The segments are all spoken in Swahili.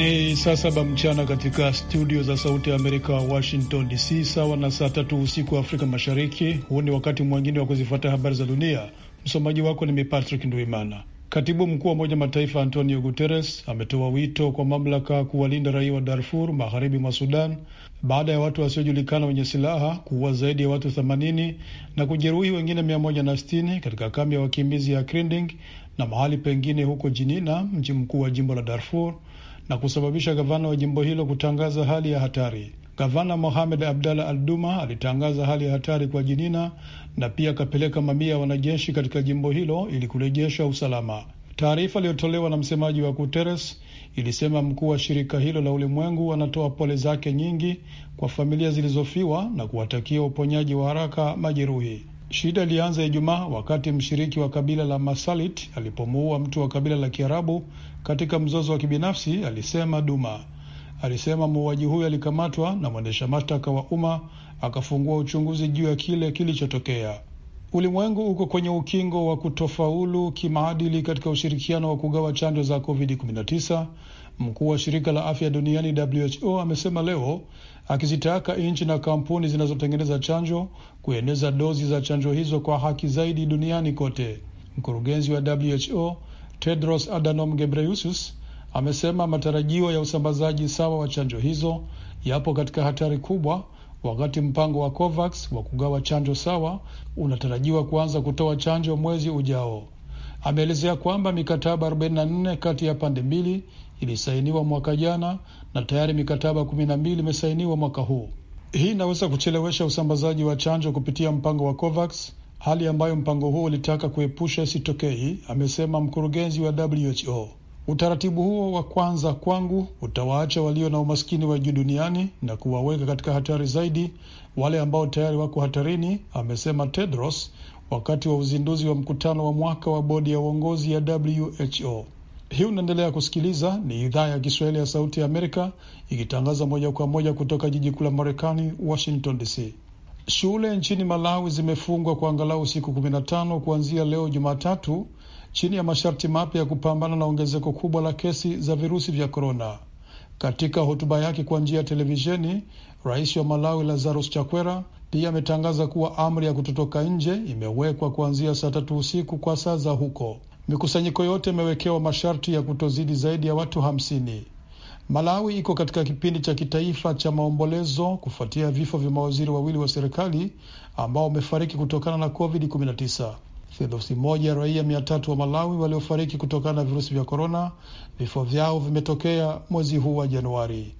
Ni saa saba mchana katika studio za Sauti ya Amerika wa Washington DC, sawa na saa tatu usiku wa Afrika Mashariki. Huu ni wakati mwingine wa kuzifuata habari za dunia. Msomaji wako ni Patrick Nduimana. Katibu mkuu wa Umoja Mataifa Antonio Guterres ametoa wito kwa mamlaka kuwalinda raia wa Darfur magharibi mwa Sudan baada ya watu wasiojulikana wenye silaha kuua zaidi ya watu 80 na kujeruhi wengine 160 katika kambi ya wakimbizi ya Krinding na mahali pengine huko Jinina, mji mkuu wa jimbo la Darfur na kusababisha gavana wa jimbo hilo kutangaza hali ya hatari. Gavana Mohamed Abdalla Alduma alitangaza hali ya hatari kwa Jinina na pia akapeleka mamia ya wanajeshi katika jimbo hilo ili kurejesha usalama. Taarifa iliyotolewa na msemaji wa Guterres ilisema mkuu wa shirika hilo la ulimwengu anatoa pole zake nyingi kwa familia zilizofiwa na kuwatakia uponyaji wa haraka majeruhi. Shida ilianza Ijumaa wakati mshiriki wa kabila la Masalit alipomuua mtu wa kabila la Kiarabu katika mzozo wa kibinafsi, alisema Duma. Alisema muuaji huyo alikamatwa na mwendesha mashtaka wa umma akafungua uchunguzi juu ya kile kilichotokea. Ulimwengu uko kwenye ukingo wa kutofaulu kimaadili katika ushirikiano wa kugawa chanjo za COVID-19. Mkuu wa shirika la afya duniani WHO amesema leo akizitaka nchi na kampuni zinazotengeneza chanjo kueneza dozi za chanjo hizo kwa haki zaidi duniani kote. Mkurugenzi wa WHO Tedros Adhanom Ghebreyesus amesema matarajio ya usambazaji sawa wa chanjo hizo yapo katika hatari kubwa, wakati mpango wa COVAX wa kugawa chanjo sawa unatarajiwa kuanza kutoa chanjo mwezi ujao. Ameelezea kwamba mikataba 44 kati ya pande mbili ilisainiwa mwaka jana na tayari mikataba 12 imesainiwa mwaka huu. Hii inaweza kuchelewesha usambazaji wa chanjo kupitia mpango wa COVAX, hali ambayo mpango huo ulitaka kuepusha isitokei, amesema mkurugenzi wa WHO. Utaratibu huo wa kwanza kwangu utawaacha walio na umaskini wa juu duniani na kuwaweka katika hatari zaidi wale ambao tayari wako hatarini, amesema Tedros, wakati wa uzinduzi wa mkutano wa mwaka wa bodi ya uongozi ya WHO. Hii unaendelea kusikiliza, ni idhaa ya Kiswahili ya Sauti ya Amerika ikitangaza moja kwa moja kutoka jiji kuu la Marekani, Washington DC. Shule nchini Malawi zimefungwa kwa angalau siku 15 kuanzia leo Jumatatu, chini ya masharti mapya ya kupambana na ongezeko kubwa la kesi za virusi vya korona. Katika hotuba yake kwa njia ya televisheni, rais wa Malawi Lazarus Chakwera pia ametangaza kuwa amri ya kutotoka nje imewekwa kuanzia saa tatu usiku kwa saa za huko. Mikusanyiko yote imewekewa masharti ya kutozidi zaidi ya watu hamsini. Malawi iko katika kipindi cha kitaifa cha maombolezo kufuatia vifo vya mawaziri wawili wa serikali ambao wamefariki kutokana na COVID-19. Theluthi moja raia mia tatu wa Malawi waliofariki kutokana na virusi vya korona, vifo vyao vimetokea mwezi huu wa Januari.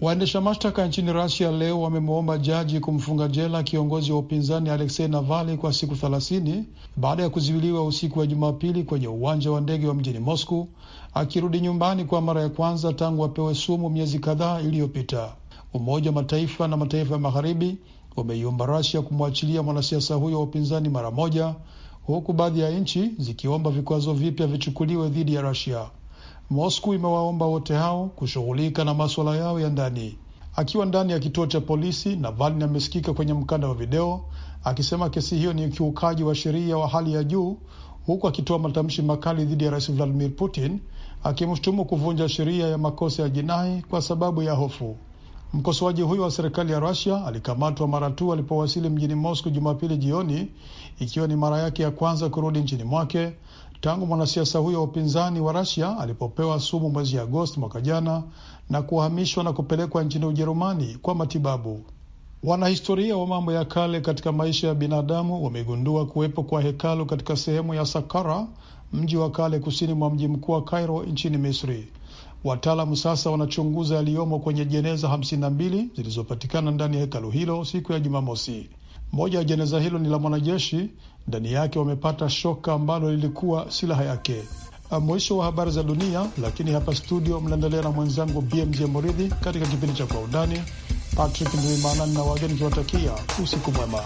Waendesha mashtaka nchini Rasia leo wamemwomba jaji kumfunga jela kiongozi wa upinzani Aleksei Navalny kwa siku thelathini baada ya kuzuiliwa usiku wa Jumapili kwenye uwanja wa ndege wa mjini Moscow akirudi nyumbani kwa mara ya kwanza tangu apewe sumu miezi kadhaa iliyopita. Umoja wa Mataifa na mataifa ya magharibi umeiomba Rasia kumwachilia mwanasiasa huyo wa upinzani mara moja huku baadhi ya nchi zikiomba vikwazo vipya vichukuliwe dhidi ya Rusia. Moscow imewaomba wote hao kushughulika na maswala yao ya ndani. Akiwa ndani ya kituo cha polisi, Navalny amesikika kwenye mkanda wa video akisema kesi hiyo ni ukiukaji wa sheria wa hali ya juu, huku akitoa matamshi makali dhidi ya rais Vladimir Putin akimshutumu kuvunja sheria ya makosa ya jinai kwa sababu ya hofu. Mkosoaji huyo wa serikali ya Rusia alikamatwa mara tu alipowasili mjini Moscow Jumapili jioni, ikiwa ni mara yake ya kwanza kurudi nchini mwake tangu mwanasiasa huyo wa upinzani wa Rusia alipopewa sumu mwezi Agosti mwaka jana na kuhamishwa na kupelekwa nchini Ujerumani kwa matibabu. Wanahistoria wa mambo ya kale katika maisha ya binadamu wamegundua kuwepo kwa hekalu katika sehemu ya Sakara, mji wa kale kusini mwa mji mkuu wa Cairo nchini Misri. Wataalamu sasa wanachunguza yaliyomo kwenye jeneza 52 zilizopatikana ndani ya hekalu hilo siku ya Jumamosi. Moja ya jeneza hilo ni la mwanajeshi, ndani yake wamepata shoka ambalo lilikuwa silaha yake. Ah, mwisho wa habari za dunia, lakini hapa studio mnaendelea na mwenzangu BMJ Moridhi katika kipindi cha Kwa Undani. Patrick Ndwimana na wageni kiwatakia usiku mwema.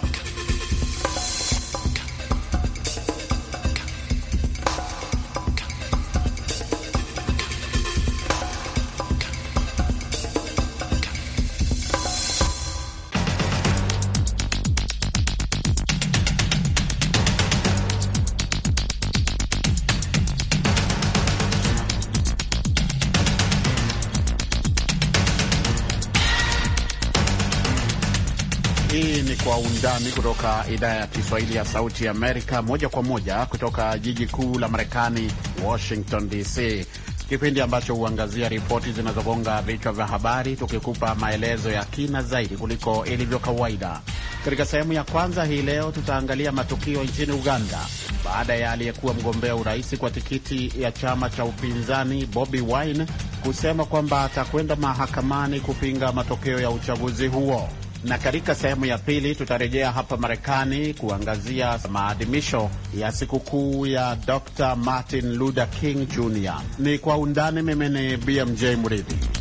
Nami kutoka idhaa ya Kiswahili ya Sauti Amerika, moja kwa moja kutoka jiji kuu la Marekani, Washington DC, kipindi ambacho huangazia ripoti zinazogonga vichwa vya habari, tukikupa maelezo ya kina zaidi kuliko ilivyo kawaida. Katika sehemu ya kwanza hii leo, tutaangalia matukio nchini Uganda baada ya aliyekuwa mgombea urais kwa tikiti ya chama cha upinzani Bobi Wine kusema kwamba atakwenda mahakamani kupinga matokeo ya uchaguzi huo na katika sehemu ya pili tutarejea hapa Marekani kuangazia maadhimisho ya sikukuu ya Dr Martin Luther King Jr. Ni kwa undani. Mimi ni BMJ Mridhi.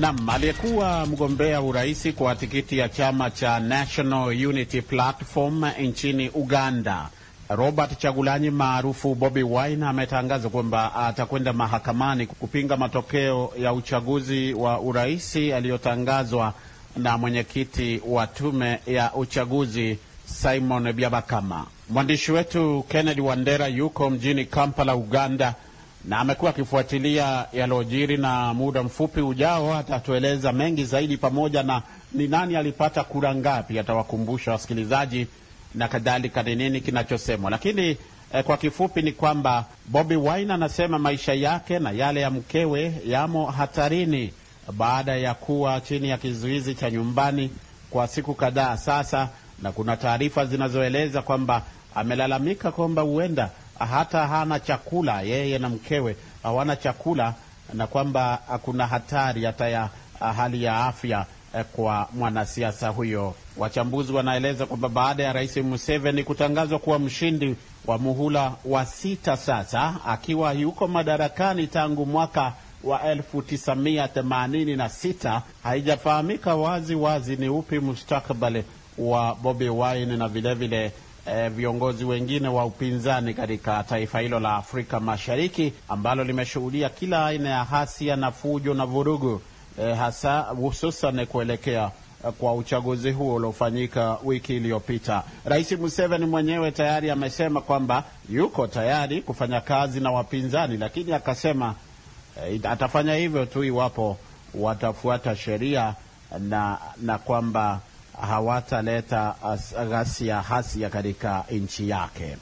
Nam aliyekuwa mgombea urais kwa tikiti ya chama cha National Unity Platform nchini Uganda, Robert Chagulanyi maarufu Bobi Wine ametangaza kwamba atakwenda mahakamani kupinga matokeo ya uchaguzi wa urais aliyotangazwa na mwenyekiti wa tume ya uchaguzi Simon Byabakama. Mwandishi wetu Kennedy Wandera yuko mjini Kampala, Uganda na amekuwa akifuatilia yaliyojiri, na muda mfupi ujao atatueleza mengi zaidi, pamoja na ni nani alipata kura ngapi, atawakumbusha wasikilizaji na kadhalika, ni nini kinachosemwa. Lakini eh, kwa kifupi ni kwamba Bobi Wine anasema maisha yake na yale ya mkewe yamo hatarini baada ya kuwa chini ya kizuizi cha nyumbani kwa siku kadhaa sasa, na kuna taarifa zinazoeleza kwamba amelalamika kwamba huenda hata hana chakula, yeye na mkewe hawana chakula, na kwamba kuna hatari hata ya ah, hali ya afya eh, kwa mwanasiasa huyo. Wachambuzi wanaeleza kwamba baada ya Rais Museveni kutangazwa kuwa mshindi wa muhula wa sita sasa akiwa yuko madarakani tangu mwaka wa 1986 haijafahamika wazi wazi ni upi mustakabali wa Bobi Wine na vilevile vile eh, viongozi wengine wa upinzani katika taifa hilo la Afrika Mashariki ambalo limeshuhudia kila aina ya hasia na fujo na vurugu eh, hasa hususan kuelekea e, kwa uchaguzi huo uliofanyika wiki iliyopita. Rais Museveni mwenyewe tayari amesema kwamba yuko tayari kufanya kazi na wapinzani, lakini akasema eh, atafanya hivyo tu iwapo watafuata sheria na, na kwamba hawataleta ghasia hasia katika nchi yake.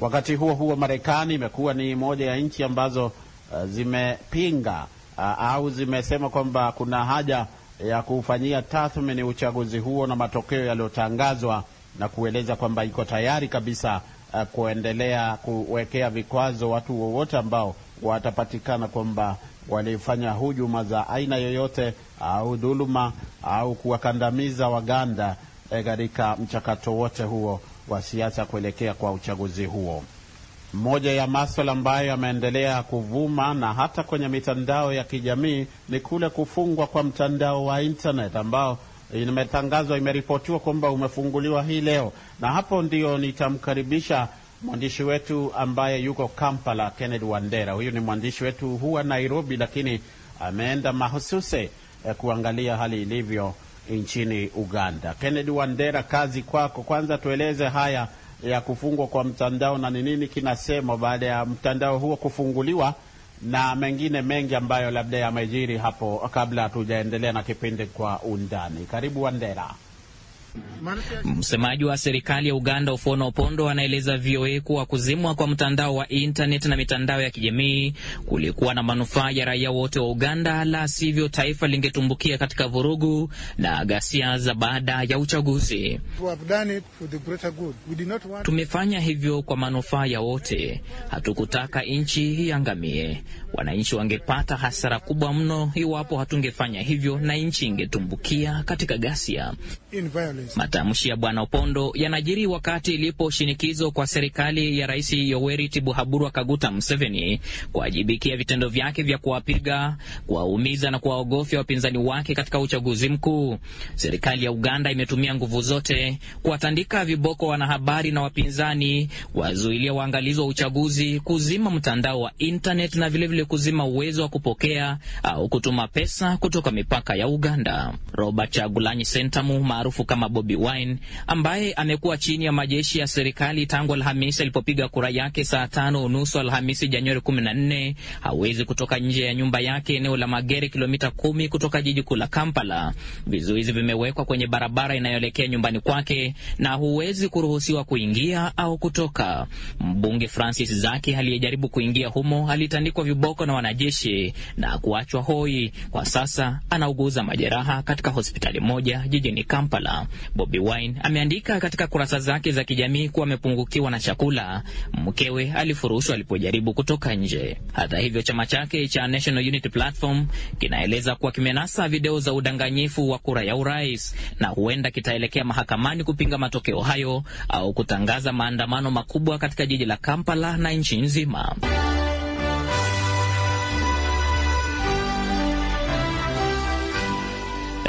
Wakati huo huo, Marekani imekuwa ni moja ya nchi ambazo uh, zimepinga uh, au zimesema kwamba kuna haja ya kufanyia tathmini uchaguzi huo na matokeo yaliyotangazwa na kueleza kwamba iko tayari kabisa uh, kuendelea kuwekea vikwazo watu wowote ambao watapatikana kwamba walifanya hujuma za aina yoyote au dhuluma au kuwakandamiza Waganda eh, katika mchakato wote huo wa siasa kuelekea kwa uchaguzi huo. Moja ya maswala ambayo yameendelea kuvuma na hata kwenye mitandao ya kijamii ni kule kufungwa kwa mtandao wa internet ambao imetangazwa, imeripotiwa kwamba umefunguliwa hii leo, na hapo ndio nitamkaribisha mwandishi wetu ambaye yuko Kampala, Kennedy Wandera. Huyu ni mwandishi wetu huwa Nairobi, lakini ameenda mahususi eh, kuangalia hali ilivyo nchini Uganda. Kennedy Wandera, kazi kwako. Kwanza tueleze haya ya kufungwa kwa mtandao na ni nini kinasema baada ya mtandao huo kufunguliwa na mengine mengi ambayo labda yamejiri hapo kabla hatujaendelea na kipindi kwa undani. Karibu Wandera. Msemaji wa serikali ya Uganda Ofuono Opondo anaeleza VOA kuwa kuzimwa kwa mtandao wa intaneti na mitandao ya kijamii kulikuwa na manufaa ya raia wote wa Uganda, la sivyo taifa lingetumbukia katika vurugu na ghasia za baada ya uchaguzi. want... tumefanya hivyo kwa manufaa ya wote, hatukutaka nchi iangamie. Wananchi wangepata hasara kubwa mno iwapo hatungefanya hivyo, na nchi ingetumbukia katika ghasia In Matamshi ya Bwana Opondo yanajiri wakati ilipo shinikizo kwa serikali ya Rais Yoweri Tibuhaburwa Kaguta Museveni kuwajibikia vitendo vyake vya kuwapiga, kuwaumiza na kuwaogofya wapinzani wake katika uchaguzi mkuu. Serikali ya Uganda imetumia nguvu zote kuwatandika viboko wanahabari na wapinzani, wazuilia waangalizi wa uchaguzi, kuzima mtandao wa intaneti na vilevile vile kuzima uwezo wa kupokea au kutuma pesa kutoka mipaka ya Uganda. Robert Chagulanyi Sentamu maarufu kama Bobi Wine ambaye amekuwa chini ya majeshi ya serikali tangu Alhamisi alipopiga kura yake saa tano unusu Alhamisi Januari 14 hawezi kutoka nje ya nyumba yake eneo la Magere, kilomita kumi kutoka jiji kuu la Kampala. Vizuizi vimewekwa kwenye barabara inayoelekea nyumbani kwake na huwezi kuruhusiwa kuingia au kutoka. Mbunge Francis Zaki aliyejaribu kuingia humo alitandikwa viboko na wanajeshi na kuachwa hoi. Kwa sasa anauguza majeraha katika hospitali moja jijini Kampala. Bobi Wine ameandika katika kurasa zake za kijamii kuwa amepungukiwa na chakula. Mkewe alifurushwa alipojaribu kutoka nje. Hata hivyo, chama chake cha National Unity Platform kinaeleza kuwa kimenasa video za udanganyifu wa kura ya urais na huenda kitaelekea mahakamani kupinga matokeo hayo au kutangaza maandamano makubwa katika jiji la Kampala na nchi nzima.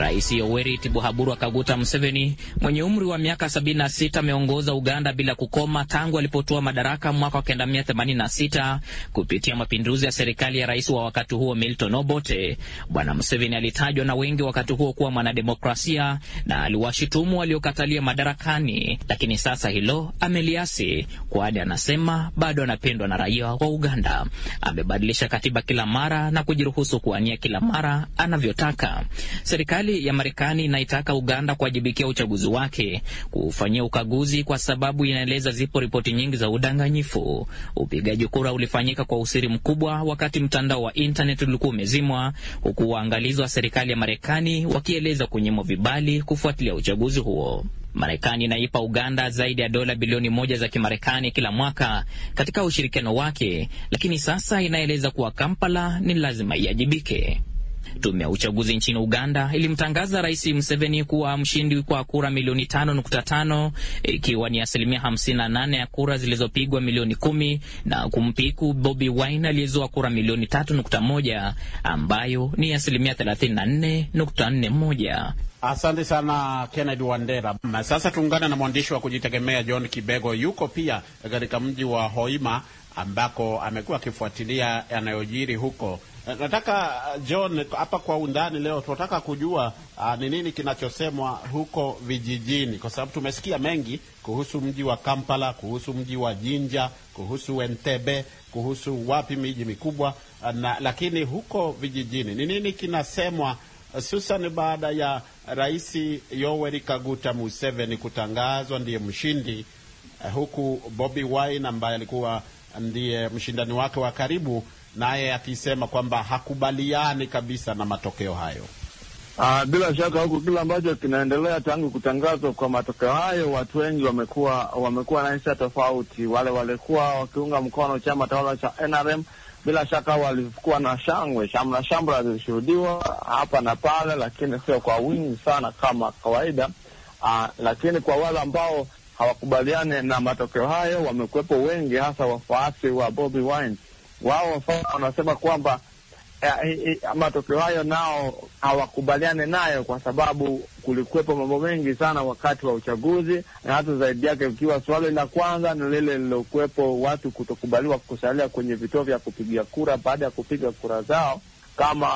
Rais Yoweri Tibuhaburwa Kaguta Museveni mwenye umri wa miaka 76 ameongoza Uganda bila kukoma tangu alipotoa madaraka mwaka wa 1986 kupitia mapinduzi ya serikali ya rais wa wakati huo Milton Obote. Bwana Museveni alitajwa na wengi wakati huo kuwa mwanademokrasia na aliwashutumu waliokatalia madarakani, lakini sasa hilo ameliasi, kwani anasema bado anapendwa na raia wa Uganda. Amebadilisha katiba kila mara na kujiruhusu kuania kila mara anavyotaka. Serikali Serikali ya Marekani inaitaka Uganda kuwajibikia uchaguzi wake, kuufanyia ukaguzi, kwa sababu inaeleza zipo ripoti nyingi za udanganyifu. Upigaji kura ulifanyika kwa usiri mkubwa, wakati mtandao wa intnet ulikuwa umezimwa, huku waangalizi wa serikali ya Marekani wakieleza kunyimwa vibali kufuatilia uchaguzi huo. Marekani inaipa Uganda zaidi ya dola bilioni moja za Kimarekani kila mwaka katika ushirikiano wake, lakini sasa inaeleza kuwa Kampala ni lazima iajibike. Tume ya uchaguzi nchini Uganda ilimtangaza Rais Museveni kuwa mshindi kwa kura milioni tano tano ikiwa ni asilimia nane ya kura zilizopigwa milioni kumi na kumpiku Bobi Wine aliyezoa kura milioni tatu moja ambayo ni asilimia moja Asante sana Kennedy Wandera. Na sasa tuungane na mwandishi wa kujitegemea John Kibego, yuko pia katika mji wa Hoima ambako amekuwa akifuatilia yanayojiri huko Eh, nataka eh, John, hapa kwa undani leo tunataka kujua ah, ni nini kinachosemwa huko vijijini, kwa sababu tumesikia mengi kuhusu mji wa Kampala, kuhusu mji wa Jinja, kuhusu Entebbe, kuhusu wapi miji mikubwa eh, na, lakini huko vijijini ni nini kinasemwa, hususan baada ya Rais Yoweri Kaguta Museveni kutangazwa ndiye mshindi, huku Bobi Wine ambaye alikuwa ndiye mshindani wake wa karibu naye akisema kwamba hakubaliani kabisa na matokeo hayo. Uh, bila shaka huku kile ambacho kinaendelea tangu kutangazwa kwa matokeo hayo, watu wengi wamekuwa wamekuwa na hisia tofauti. Wale walikuwa wakiunga mkono chama tawala cha NRM bila shaka walikuwa na shangwe, shamra shamra zilishuhudiwa hapa na pale, lakini sio kwa wingi sana kama kawaida. Uh, lakini kwa wale ambao hawakubaliani na matokeo hayo wamekuwepo wengi, hasa wafuasi wa Bobi Wine wao wanasema kwamba eh, eh, eh, matokeo hayo nao hawakubaliane nayo, kwa sababu kulikuwepo mambo mengi sana wakati wa uchaguzi, na hata zaidi yake ikiwa swali la kwanza ni lile lilokuwepo watu kutokubaliwa kusalia kwenye vituo vya kupigia kura baada ya kupiga kura zao kama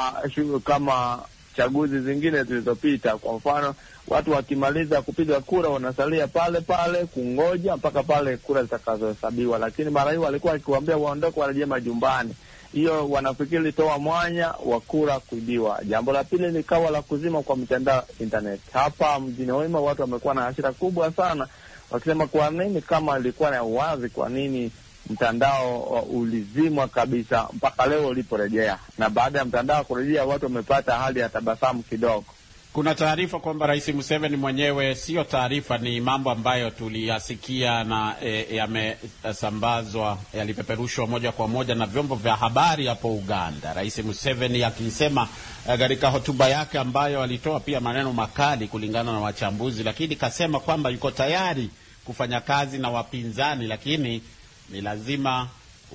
kama chaguzi zingine zilizopita. Kwa mfano, watu wakimaliza kupiga kura wanasalia pale pale kungoja mpaka pale kura zitakazohesabiwa, lakini mara hii walikuwa akiwaambia waondoke, warejee majumbani. Hiyo wanafikiri toa mwanya wa kura kuibiwa. Jambo la pili ni kawa la kuzima kwa mitandao internet. Hapa mjini Hoima watu wamekuwa na hasira kubwa sana, wakisema kwa nini kama ilikuwa na uwazi, kwa nini mtandao ulizimwa kabisa mpaka leo uliporejea, na baada ya mtandao kurejea, watu wamepata hali ya tabasamu kidogo. Kuna taarifa kwamba Rais Museveni mwenyewe, siyo taarifa, ni mambo ambayo tuliyasikia na e, yamesambazwa, yalipeperushwa moja kwa moja na vyombo vya habari hapo Uganda. Rais Museveni akisema e, katika hotuba yake ambayo alitoa pia maneno makali kulingana na wachambuzi, lakini kasema kwamba yuko tayari kufanya kazi na wapinzani, lakini ni lazima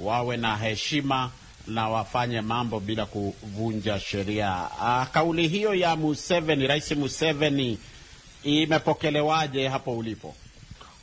wawe na heshima na wafanye mambo bila kuvunja sheria. Ah, kauli hiyo ya Museveni, Rais Museveni, imepokelewaje hapo ulipo?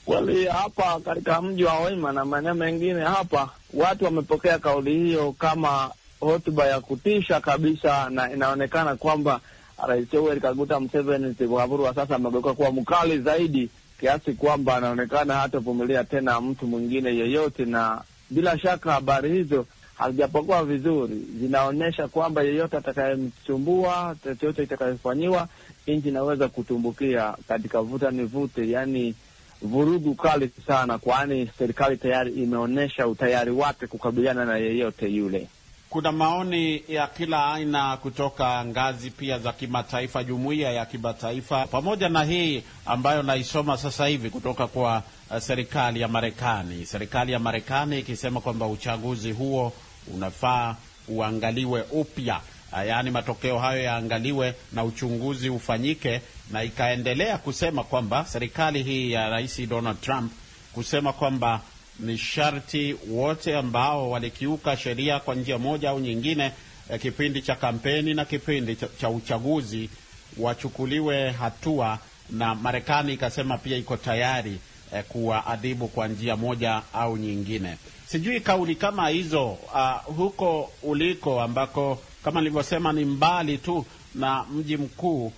Kweli hapa katika mji wa Waima na maeneo mengine hapa, watu wamepokea kauli hiyo kama hotuba ya kutisha kabisa, na inaonekana kwamba Rais Yoweri Kaguta Museveni Museveni wa sasa amegeuka kuwa mkali zaidi kiasi kwamba anaonekana hatavumilia tena mtu mwingine yeyote. Na bila shaka habari hizo hazijapokuwa vizuri, zinaonyesha kwamba yeyote atakayemsumbua, chochote itakayofanyiwa nchi inaweza kutumbukia katika vuta ni vute, yani vurugu kali sana, kwani serikali tayari imeonyesha utayari wake kukabiliana na yeyote yule. Kuna maoni ya kila aina kutoka ngazi pia za kimataifa, jumuiya ya kimataifa, pamoja na hii ambayo naisoma sasa hivi kutoka kwa eh, serikali ya Marekani, serikali ya Marekani ikisema kwamba uchaguzi huo unafaa uangaliwe upya, ah, yaani matokeo hayo yaangaliwe na uchunguzi ufanyike, na ikaendelea kusema kwamba serikali hii ya Rais Donald Trump kusema kwamba ni sharti wote ambao walikiuka sheria kwa njia moja au nyingine, eh, kipindi cha kampeni na kipindi cha, cha uchaguzi wachukuliwe hatua, na Marekani ikasema pia iko tayari eh, kuwaadhibu kwa njia moja au nyingine. Sijui kauli kama hizo uh, huko uliko ambako kama nilivyosema ni mbali tu na mji mkuu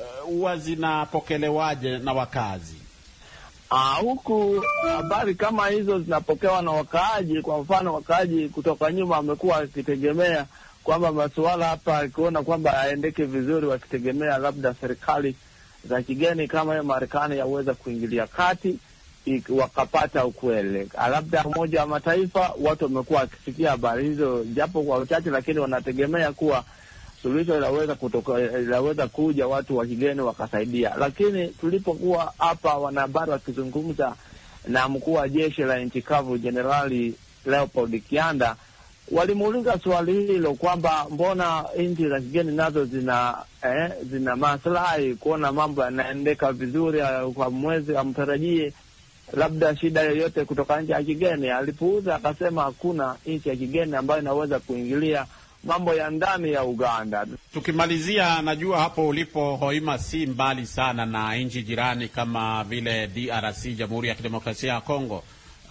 eh, huwa uh, zinapokelewaje na wakazi? Ah, huku habari kama hizo zinapokewa na wakaaji. Kwa mfano, wakaaji kutoka nyuma wamekuwa wakitegemea kwamba masuala hapa, akiona kwamba aendeke vizuri, wakitegemea labda serikali za kigeni kama hiyo Marekani yaweza kuingilia kati wakapata ukweli, labda Umoja wa Mataifa. Watu wamekuwa wakisikia habari hizo japo kwa uchache, lakini wanategemea kuwa suluhisho linaweza kutoka, linaweza kuja watu wa kigeni wakasaidia, lakini tulipokuwa hapa wanahabari wakizungumza na mkuu wa jeshi la nchi kavu Jenerali Leopold Kianda walimuuliza swali hilo kwamba mbona nchi za kigeni nazo zina eh, zina maslahi kuona mambo yanaendeka vizuri eh, kwa mwezi, amtarajie labda shida yoyote kutoka nchi ya kigeni. Alipuuza akasema hakuna nchi ya kigeni ambayo inaweza kuingilia mambo ya ndani ya Uganda. Tukimalizia, najua hapo ulipo Hoima si mbali sana na nchi jirani kama vile DRC, Jamhuri ya Kidemokrasia ya Kongo,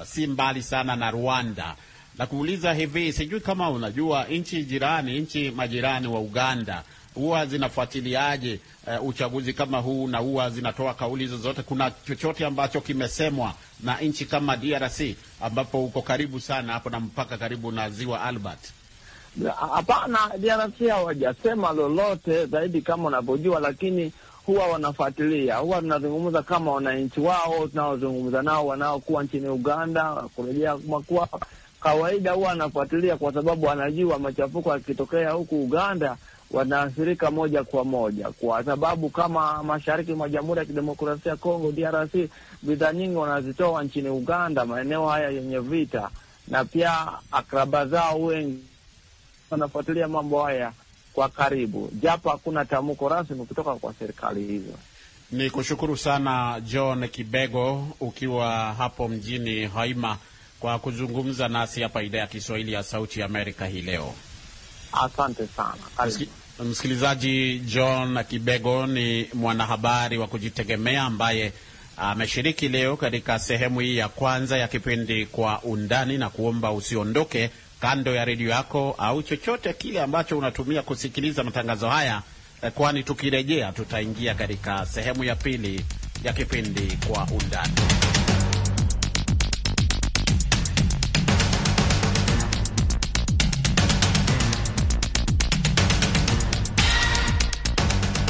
si mbali sana na Rwanda. Nakuuliza hivi, sijui kama unajua nchi jirani, nchi majirani wa Uganda huwa zinafuatiliaje uh, uchaguzi kama huu na huwa zinatoa kauli zozote? Kuna chochote ambacho kimesemwa na nchi kama DRC ambapo uko karibu sana hapo na mpaka karibu na ziwa Albert? Hapana, DRC hawajasema lolote zaidi kama unavyojua, lakini huwa wanafuatilia, huwa tunazungumza kama wananchi wao tunaozungumza nao wanaokuwa nchini Uganda kurejea makwao. Kawaida huwa anafuatilia kwa sababu anajua machafuko yakitokea huku Uganda wanaathirika moja kwa moja, kwa sababu kama mashariki mwa Jamhuri ya Kidemokrasia ya Kongo, DRC, bidhaa nyingi wanazitoa nchini Uganda, maeneo haya yenye vita, na pia akraba zao wengi wanafuatilia mambo haya kwa karibu, japo hakuna tamko rasmi kutoka kwa serikali hizo. Ni kushukuru sana John Kibego ukiwa hapo mjini Haima kwa kuzungumza nasi hapa idhaa ya Kiswahili ya Sauti Amerika hii leo. Asante sana. Mski, msikilizaji, John Kibego ni mwanahabari wa kujitegemea ambaye ameshiriki leo katika sehemu hii ya kwanza ya kipindi Kwa Undani, na kuomba usiondoke kando ya redio yako au chochote kile ambacho unatumia kusikiliza matangazo haya, eh, kwani tukirejea tutaingia katika sehemu ya pili ya kipindi Kwa Undani.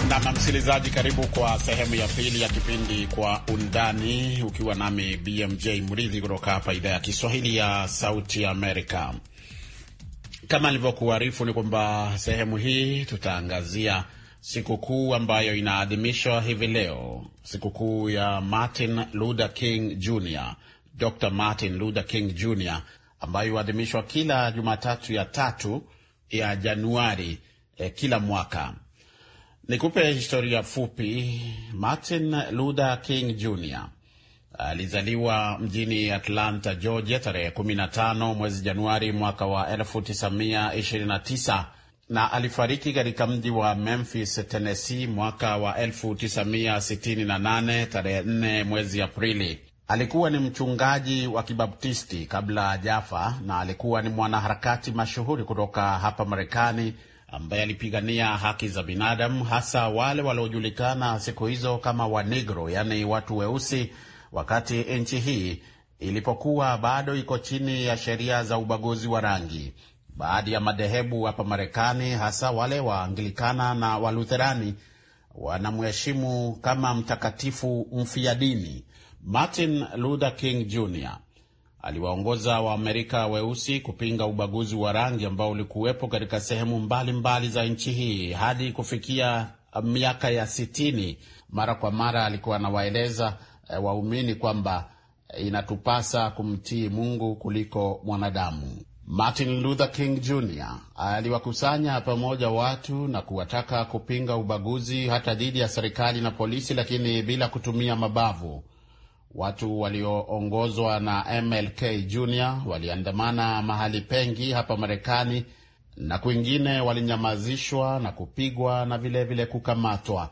Nam msikilizaji, karibu kwa sehemu ya pili ya kipindi Kwa Undani, ukiwa nami BMJ Mridhi kutoka hapa idhaa ya Kiswahili ya Sauti Amerika. Kama nilivyokuarifu ni kwamba sehemu hii tutaangazia sikukuu ambayo inaadhimishwa hivi leo, sikukuu ya Martin Luther King Jr. Dr. Martin Luther King Jr. ambayo huadhimishwa kila Jumatatu ya tatu ya Januari eh, kila mwaka. Nikupe historia fupi. Martin Luther King Jr. Alizaliwa mjini Atlanta, Georgia tarehe 15 mwezi Januari mwaka wa 1929 na alifariki katika mji wa Memphis, Tennessee mwaka wa 1968 tarehe 4 mwezi Aprili. Alikuwa ni mchungaji wa Kibaptisti kabla jafa na alikuwa ni mwanaharakati mashuhuri kutoka hapa Marekani ambaye alipigania haki za binadamu, hasa wale waliojulikana siku hizo kama Wanigro, yaani watu weusi wakati nchi hii ilipokuwa bado iko chini ya sheria za ubaguzi wa rangi. Baadhi ya madhehebu hapa Marekani, hasa wale Waanglikana na Walutherani, wanamheshimu kama mtakatifu mfiadini. Martin Luther King Jr aliwaongoza Waamerika weusi kupinga ubaguzi wa rangi ambao ulikuwepo katika sehemu mbalimbali mbali za nchi hii hadi kufikia miaka ya sitini. Mara kwa mara alikuwa anawaeleza e, waumini kwamba e, inatupasa kumtii Mungu kuliko mwanadamu. Martin Luther King Jr aliwakusanya pamoja watu na kuwataka kupinga ubaguzi hata dhidi ya serikali na polisi, lakini bila kutumia mabavu. Watu walioongozwa na MLK Jr waliandamana mahali pengi hapa Marekani na kwingine walinyamazishwa na kupigwa na vilevile kukamatwa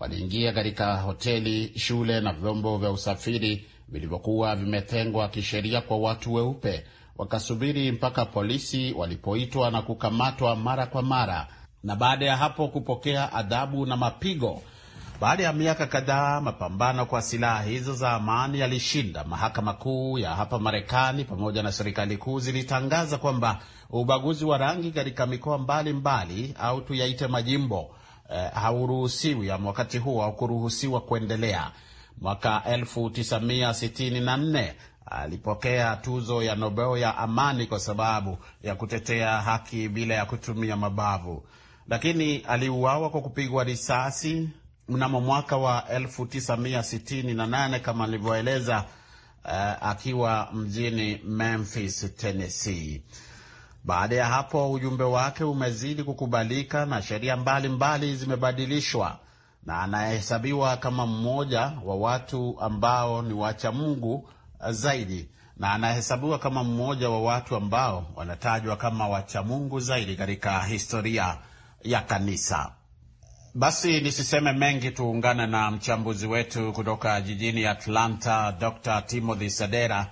waliingia katika hoteli, shule na vyombo vya usafiri vilivyokuwa vimetengwa kisheria kwa watu weupe, wakasubiri mpaka polisi walipoitwa na kukamatwa mara kwa mara, na baada ya hapo kupokea adhabu na mapigo. Baada ya miaka kadhaa, mapambano kwa silaha hizo za amani yalishinda. Mahakama Kuu ya hapa Marekani pamoja na serikali kuu zilitangaza kwamba ubaguzi wa rangi katika mikoa mbalimbali au tuyaite majimbo eh, hauruhusiwi ama wakati huo haukuruhusiwa kuendelea. Mwaka 1964 alipokea tuzo ya Nobel ya amani kwa sababu ya kutetea haki bila ya kutumia mabavu, lakini aliuawa kwa kupigwa risasi mnamo mwaka wa 1968 kama alivyoeleza, uh, akiwa mjini Memphis, Tennessee. Baada ya hapo, ujumbe wake umezidi kukubalika na sheria mbalimbali zimebadilishwa, na anahesabiwa kama mmoja wa watu ambao ni wacha Mungu eh, zaidi na anahesabiwa kama mmoja wa watu ambao wanatajwa kama wachamungu zaidi katika historia ya kanisa. Basi nisiseme mengi, tuungane na mchambuzi wetu kutoka jijini Atlanta, Dr Timothy Sadera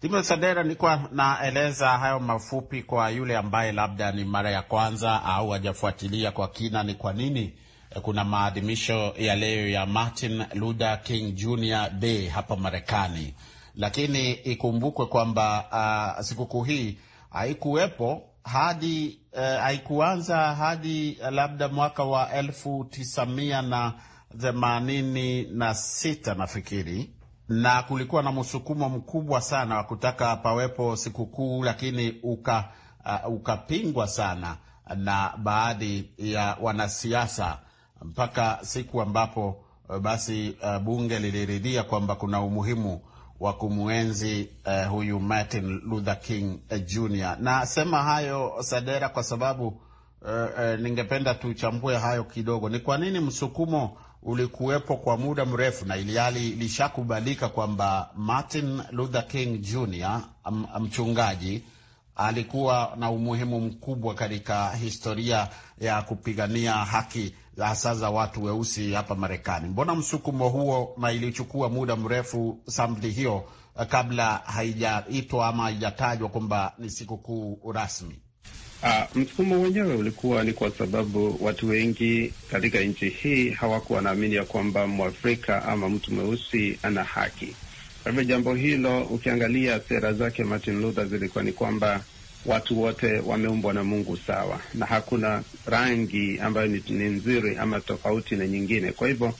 Timothy Sadera, nilikuwa naeleza hayo mafupi kwa yule ambaye labda ni mara ya kwanza au hajafuatilia kwa kina ni kwa nini eh, kuna maadhimisho ya leo ya Martin Luther King Jr Day hapa Marekani, lakini ikumbukwe kwamba uh, sikukuu hii haikuwepo hadi eh, haikuanza uh, hadi labda mwaka wa elfu tisamia na themanini na sita nafikiri na kulikuwa na msukumo mkubwa sana wa kutaka pawepo sikukuu, lakini uka, uh, ukapingwa sana na baadhi ya wanasiasa mpaka siku ambapo uh, basi uh, bunge liliridhia kwamba kuna umuhimu wa kumwenzi uh, huyu Martin Luther King uh, Jr. Nasema hayo Sadera kwa sababu uh, uh, ningependa tuchambue hayo kidogo. Ni kwa nini msukumo ulikuwepo kwa muda mrefu na iliali ilishakubalika kwamba Martin Luther King Jr mchungaji alikuwa na umuhimu mkubwa katika historia ya kupigania haki hasa za watu weusi hapa Marekani. Mbona msukumo huo, na ilichukua muda mrefu samli hiyo eh, kabla haijaitwa ama haijatajwa kwamba ni sikukuu rasmi? Ah, msukumo wenyewe ulikuwa ni kwa sababu watu wengi katika nchi hii hawakuwa wanaamini ya kwamba Mwafrika ama mtu mweusi ana haki. Kwa hivyo jambo hilo, ukiangalia sera zake Martin Luther zilikuwa ni kwamba watu wote wameumbwa na Mungu sawa, na hakuna rangi ambayo ni, ni nzuri ama tofauti na nyingine. Kwa hivyo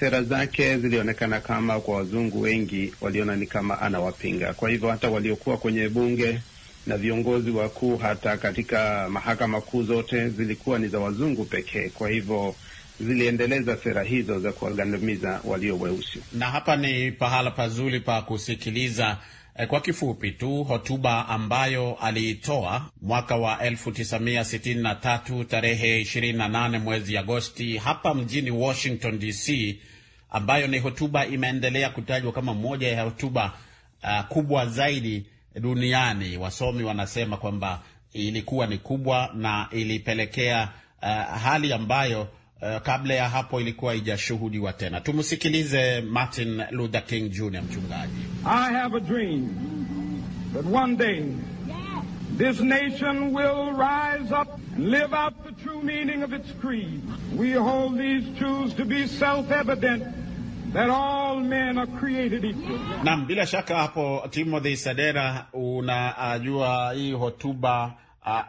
sera zake zilionekana kama kwa wazungu wengi waliona ni kama anawapinga. Kwa hivyo hata waliokuwa kwenye bunge na viongozi wakuu hata katika mahakama kuu zote zilikuwa ni za wazungu pekee. Kwa hivyo ziliendeleza sera hizo za kuwagandamiza walio weusi, na hapa ni pahala pazuri pa kusikiliza eh, kwa kifupi tu hotuba ambayo aliitoa mwaka wa 1963 tarehe 28 mwezi Agosti hapa mjini Washington DC, ambayo ni hotuba imeendelea kutajwa kama moja ya hotuba uh, kubwa zaidi duniani, wasomi wanasema kwamba ilikuwa ni kubwa na ilipelekea uh, hali ambayo uh, kabla ya hapo ilikuwa haijashuhudiwa tena. Tumsikilize Martin Luther King Jr. mchungaji. I have a dream that one day this nation will rise up and live out the true meaning of its creed. We hold these truths to be self-evident That all men are created equal. Naam, bila shaka hapo Timothy Sadera unajua hii hotuba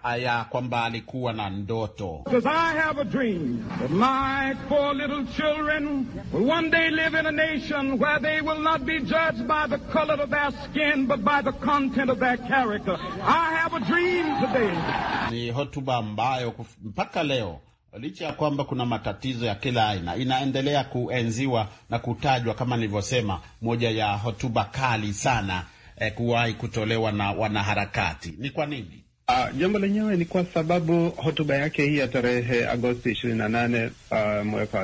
uh, ya kwamba alikuwa na ndoto. I have a dream that my four little children will one day live in a nation where they will not be judged by the color of their skin but by the content of their character. I have a dream today. Ni hotuba ambayo mpaka leo licha ya kwamba kuna matatizo ya kila aina, inaendelea kuenziwa na kutajwa kama nilivyosema, moja ya hotuba kali sana eh, kuwahi kutolewa na wanaharakati. Ni kwa nini? Uh, jambo lenyewe ni kwa sababu hotuba yake hii ya tarehe Agosti ishirini na nane uh, mwaka wa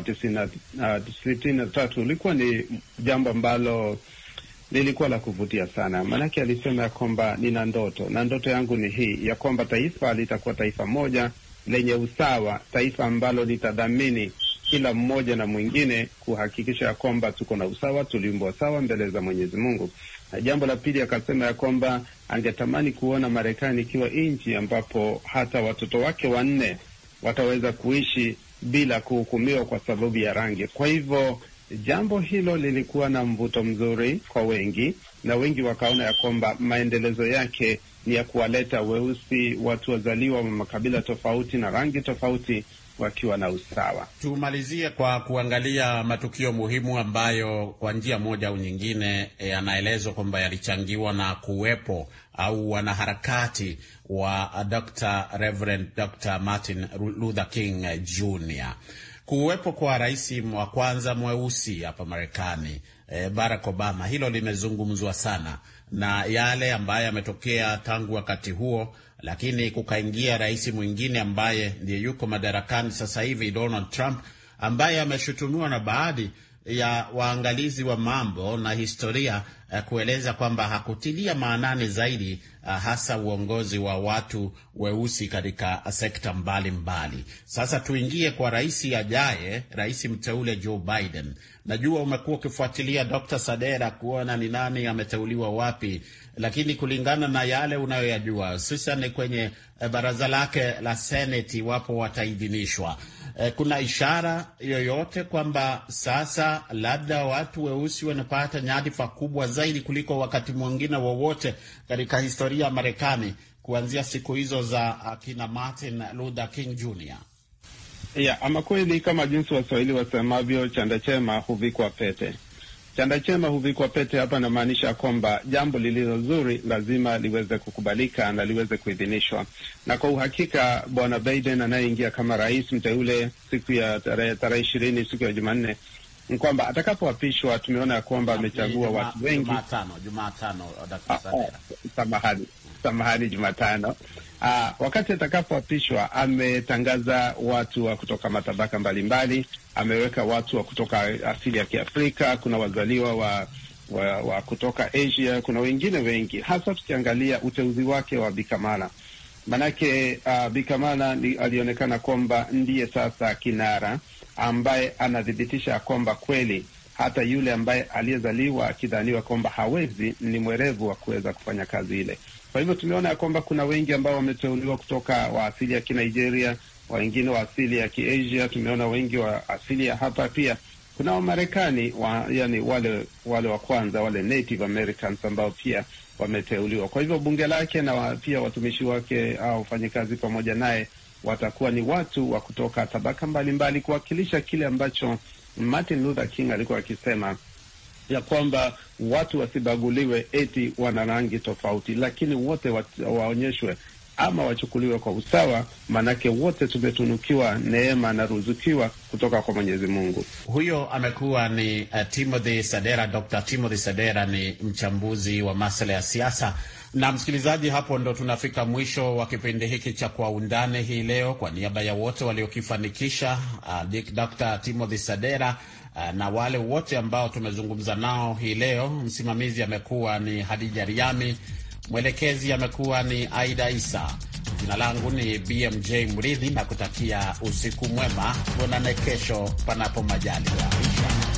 ah, tisini na tatu ilikuwa ni jambo ambalo lilikuwa la kuvutia sana, maanake alisema ya kwamba nina ndoto na ndoto yangu ni hii ya kwamba taifa litakuwa taifa moja lenye usawa, taifa ambalo litadhamini kila mmoja na mwingine kuhakikisha ya kwamba tuko na usawa, tuliumbwa sawa mbele za Mwenyezi Mungu. Na jambo la pili akasema ya kwamba angetamani kuona Marekani ikiwa nchi ambapo hata watoto wake wanne wataweza kuishi bila kuhukumiwa kwa sababu ya rangi. Kwa hivyo jambo hilo lilikuwa na mvuto mzuri kwa wengi, na wengi wakaona ya kwamba maendelezo yake ni ya kuwaleta weusi, watu wazaliwa wa makabila tofauti na rangi tofauti wakiwa na usawa. Tumalizie kwa kuangalia matukio muhimu ambayo kwa njia moja au nyingine eh, yanaelezwa e, kwamba yalichangiwa na kuwepo au wanaharakati wa Dr. Reverend Dr. Martin Luther King eh, Jr. Kuwepo kwa rais wa kwanza mweusi hapa Marekani, e, Barack Obama, hilo limezungumzwa sana na yale ambayo yametokea tangu wakati huo, lakini kukaingia rais mwingine ambaye ndiye yuko madarakani sasa hivi, Donald Trump, ambaye ameshutumiwa na baadhi ya waangalizi wa mambo na historia eh, kueleza kwamba hakutilia maanani zaidi eh, hasa uongozi wa watu weusi katika sekta mbalimbali mbali. Sasa tuingie kwa rais ajaye, rais mteule Joe Biden. Najua umekuwa ukifuatilia Dr. Sadera kuona ni nani ameteuliwa wapi lakini kulingana na yale unayoyajua hususan kwenye eh, baraza lake la Seneti, iwapo wataidhinishwa, eh, kuna ishara yoyote kwamba sasa labda watu weusi wanapata nyadhifa kubwa zaidi kuliko wakati mwingine wowote katika historia ya Marekani kuanzia siku hizo za akina Martin Luther King Jr. Yeah, ama kweli kama jinsi Waswahili wasemavyo, chanda chema huvikwa pete. Chanda chema huvikwa pete hapa, namaanisha kwamba jambo lililo zuri lazima liweze kukubalika na liweze kuidhinishwa. Na kwa uhakika bwana Biden anayeingia kama rais mteule siku ya tarehe ishirini, siku ya Jumanne, ni kwamba atakapoapishwa, tumeona ya kwamba amechagua watu wengi. Jumatano, Jumatano, ah, oh, samahani, samahani, Jumatano Aa, ah, wakati atakapoapishwa ametangaza watu wa kutoka matabaka mbalimbali, ameweka watu wa kutoka asili ya Kiafrika, kuna wazaliwa wa, wa, wa kutoka Asia, kuna wengine wengi, hasa tukiangalia uteuzi wake wa Bikamana manake uh, Bikamana ni, alionekana kwamba ndiye sasa kinara ambaye anathibitisha kwamba kweli hata yule ambaye aliyezaliwa akidhaniwa kwamba hawezi ni mwerevu wa kuweza kufanya kazi ile. Kwa hivyo tumeona ya kwamba kuna wengi ambao wameteuliwa kutoka wa asili ya Kinigeria, wengine wa asili ya Kiasia, tumeona wengi wa asili ya hapa pia kuna Wamarekani wa, yani wale wale wa kwanza wale Native Americans ambao pia wameteuliwa. Kwa hivyo bunge lake na wa, pia watumishi wake au wafanyakazi pamoja naye watakuwa ni watu wa kutoka tabaka mbalimbali kuwakilisha kile ambacho Martin Luther King alikuwa akisema ya kwamba watu wasibaguliwe eti wana rangi tofauti, lakini wote waonyeshwe ama wachukuliwe kwa usawa, maanake wote tumetunukiwa neema na ruzukiwa kutoka kwa Mwenyezi Mungu. Huyo amekuwa ni uh, Timothy Sadera, Dr. Timothy Sadera ni mchambuzi wa masuala ya siasa. Na msikilizaji, hapo ndo tunafika mwisho wa kipindi hiki cha Kwa Undani hii leo. Kwa niaba ya wote waliokifanikisha, uh, Dr. Timothy Sadera Eh, na wale wote ambao tumezungumza nao hii leo, msimamizi amekuwa ni Hadija Riami, mwelekezi amekuwa ni Aida Isa. Jina langu ni BMJ Mridhi na kutakia usiku mwema, tuonane kesho panapo majaliwa.